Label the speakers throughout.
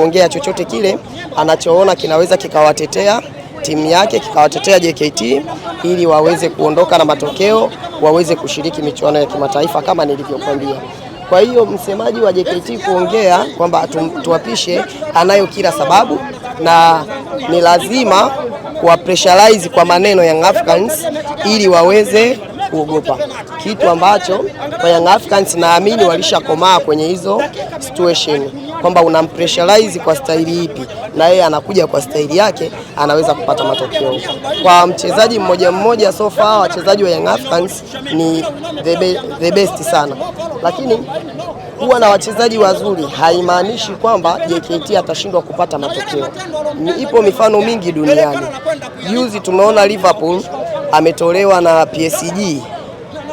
Speaker 1: kuongea chochote kile anachoona kinaweza kikawatetea timu yake kikawatetea JKT ili waweze kuondoka na matokeo, waweze kushiriki michuano ya kimataifa kama nilivyokwambia. Kwa hiyo msemaji wa JKT kuongea kwamba tuwapishe, anayo kila sababu na ni lazima pressurize kwa maneno Young Africans ili waweze kuogopa kitu ambacho kwa Young Africans naamini walishakomaa kwenye hizo situation, kwamba unampressurize kwa staili ipi, na yeye anakuja kwa staili yake, anaweza kupata matokeo. Kwa mchezaji mmoja mmoja, so far wachezaji wa Young Africans ni the, be the best sana, lakini kuwa na wachezaji wazuri haimaanishi kwamba JKT atashindwa kupata matokeo. Ipo mifano mingi duniani. Juzi tumeona Liverpool ametolewa na PSG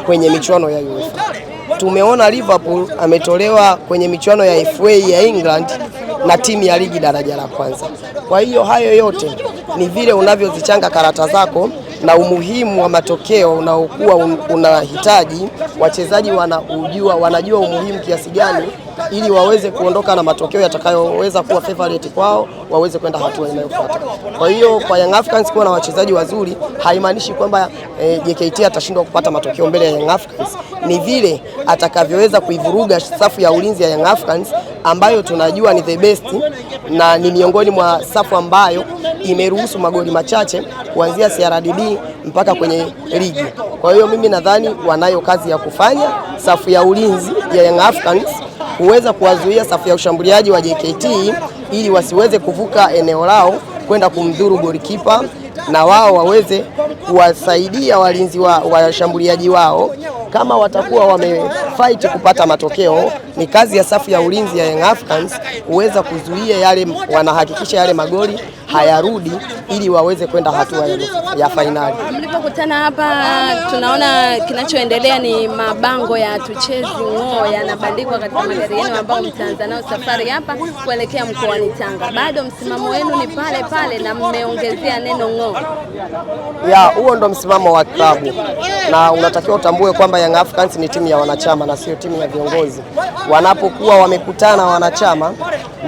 Speaker 1: kwenye michuano ya UEFA. Tumeona Liverpool ametolewa kwenye michuano ya FA ya England na timu ya ligi daraja la kwanza. Kwa hiyo hayo yote ni vile unavyozichanga karata zako na umuhimu wa matokeo unaokuwa unahitaji wachezaji wanaujua, wanajua umuhimu kiasi gani ili waweze kuondoka na matokeo yatakayoweza kuwa favorite kwao waweze kwenda hatua inayofuata. Kwa hiyo kwa Young Africans kuwa na wachezaji wazuri haimaanishi kwamba eh, JKT atashindwa kupata matokeo mbele ya Young Africans, ni vile atakavyoweza kuivuruga safu ya ulinzi ya Young Africans ambayo tunajua ni the best na ni miongoni mwa safu ambayo imeruhusu magoli machache kuanzia CRDB mpaka kwenye ligi. Kwa hiyo mimi nadhani wanayo kazi ya kufanya safu ya ulinzi ya Young Africans huweza kuwazuia safu ya ushambuliaji wa JKT ili wasiweze kuvuka eneo lao kwenda kumdhuru golikipa na wao waweze kuwasaidia walinzi wa washambuliaji wao kama watakuwa wamefight kupata matokeo, ni kazi ya safu ya ulinzi ya Young Africans kuweza kuzuia yale, wanahakikisha yale magoli hayarudi ili waweze kwenda hatua ya fainali.
Speaker 2: Mlipokutana hapa, tunaona kinachoendelea ni mabango ya tuchezi ng'oo yanabandikwa katika magari yenu ambayo mtaanza nayo safari hapa kuelekea mkoani Tanga. Bado msimamo wenu ni pale pale na mmeongezea neno ng'oo.
Speaker 1: Ya, huo ndo msimamo wa klabu na unatakiwa utambue kwamba kama Young Africans ni timu ya wanachama na sio timu ya viongozi. Wanapokuwa wamekutana wanachama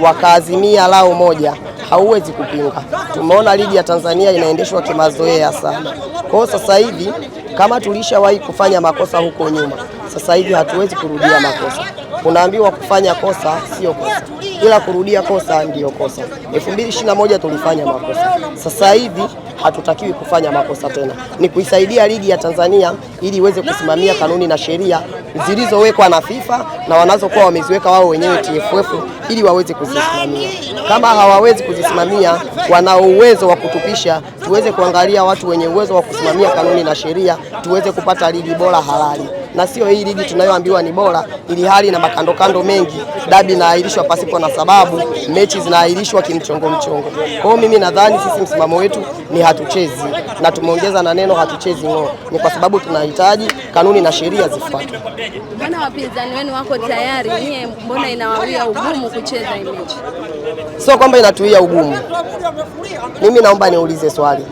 Speaker 1: wakaazimia lao moja, hauwezi kupinga. Tumeona ligi ya Tanzania inaendeshwa kimazoea sana. Kwa hiyo sasa hivi kama tulishawahi kufanya makosa huko nyuma, sasa hivi hatuwezi kurudia makosa. Unaambiwa kufanya kosa sio kosa, ila kurudia kosa ndiyo kosa. 2021 tulifanya makosa, sasa hivi hatutakiwi kufanya makosa tena, ni kuisaidia ligi ya Tanzania ili iweze kusimamia kanuni na sheria zilizowekwa na FIFA na wanazokuwa wameziweka wao wenyewe TFF, ili waweze kuzisimamia. Kama hawawezi kuzisimamia, wana uwezo wa kutupisha, tuweze kuangalia watu wenye uwezo wa kusimamia kanuni na sheria, tuweze kupata ligi bora halali na sio hii ligi tunayoambiwa ni bora, ili hali na makandokando mengi. Dabi inaahirishwa pasipo na sababu, mechi zinaahirishwa kimchongo mchongo. Kwa hiyo mimi nadhani sisi msimamo wetu ni hatuchezi, na tumeongeza na neno hatuchezi ng'o, ni kwa sababu tunahitaji kanuni na sheria zifuatwe.
Speaker 2: Mbona wapinzani wenu wako tayari, nyie mbona inawawia ugumu kucheza hii mechi?
Speaker 1: Sio kwamba inatuia ugumu. Mimi naomba niulize swali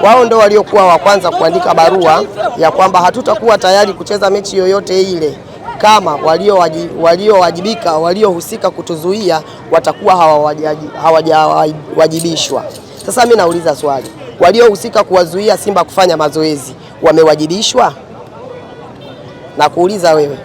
Speaker 1: wao ndio waliokuwa wa kwanza kuandika barua ya kwamba hatutakuwa tayari kucheza mechi yoyote ile kama waliowajibika waliohusika kutuzuia watakuwa hawajawajibishwa. Sasa mimi nauliza swali, waliohusika kuwazuia Simba kufanya mazoezi wamewajibishwa? Na kuuliza wewe,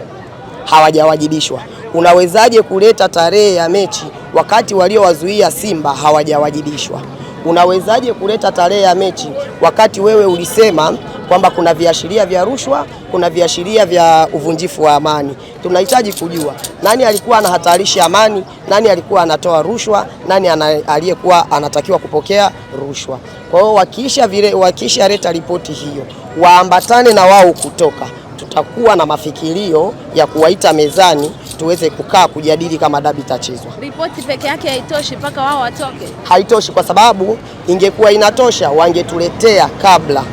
Speaker 1: hawajawajibishwa. Unawezaje kuleta tarehe ya mechi wakati waliowazuia Simba hawajawajibishwa? unawezaje kuleta tarehe ya mechi wakati wewe ulisema kwamba kuna viashiria vya rushwa, kuna viashiria vya uvunjifu wa amani. Tunahitaji kujua nani alikuwa anahatarisha amani, nani alikuwa anatoa rushwa, nani aliyekuwa anatakiwa kupokea rushwa. Kwa hiyo wakisha vile, wakisha leta ripoti hiyo, waambatane na wao kutoka, tutakuwa na mafikirio ya kuwaita mezani tuweze kukaa kujadili kama dabi itachezwa.
Speaker 2: Ripoti peke yake haitoshi, mpaka wao watoke.
Speaker 1: Haitoshi kwa sababu ingekuwa inatosha wangetuletea kabla.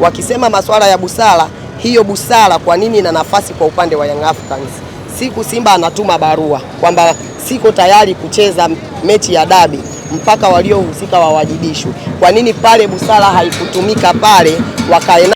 Speaker 1: Wakisema masuala ya busara, hiyo busara kwa nini ina nafasi kwa upande wa Young Africans? Siku Simba anatuma barua kwamba siko tayari kucheza mechi ya dabi mpaka waliohusika wawajibishwe. Kwa nini pale busara haikutumika pale wakae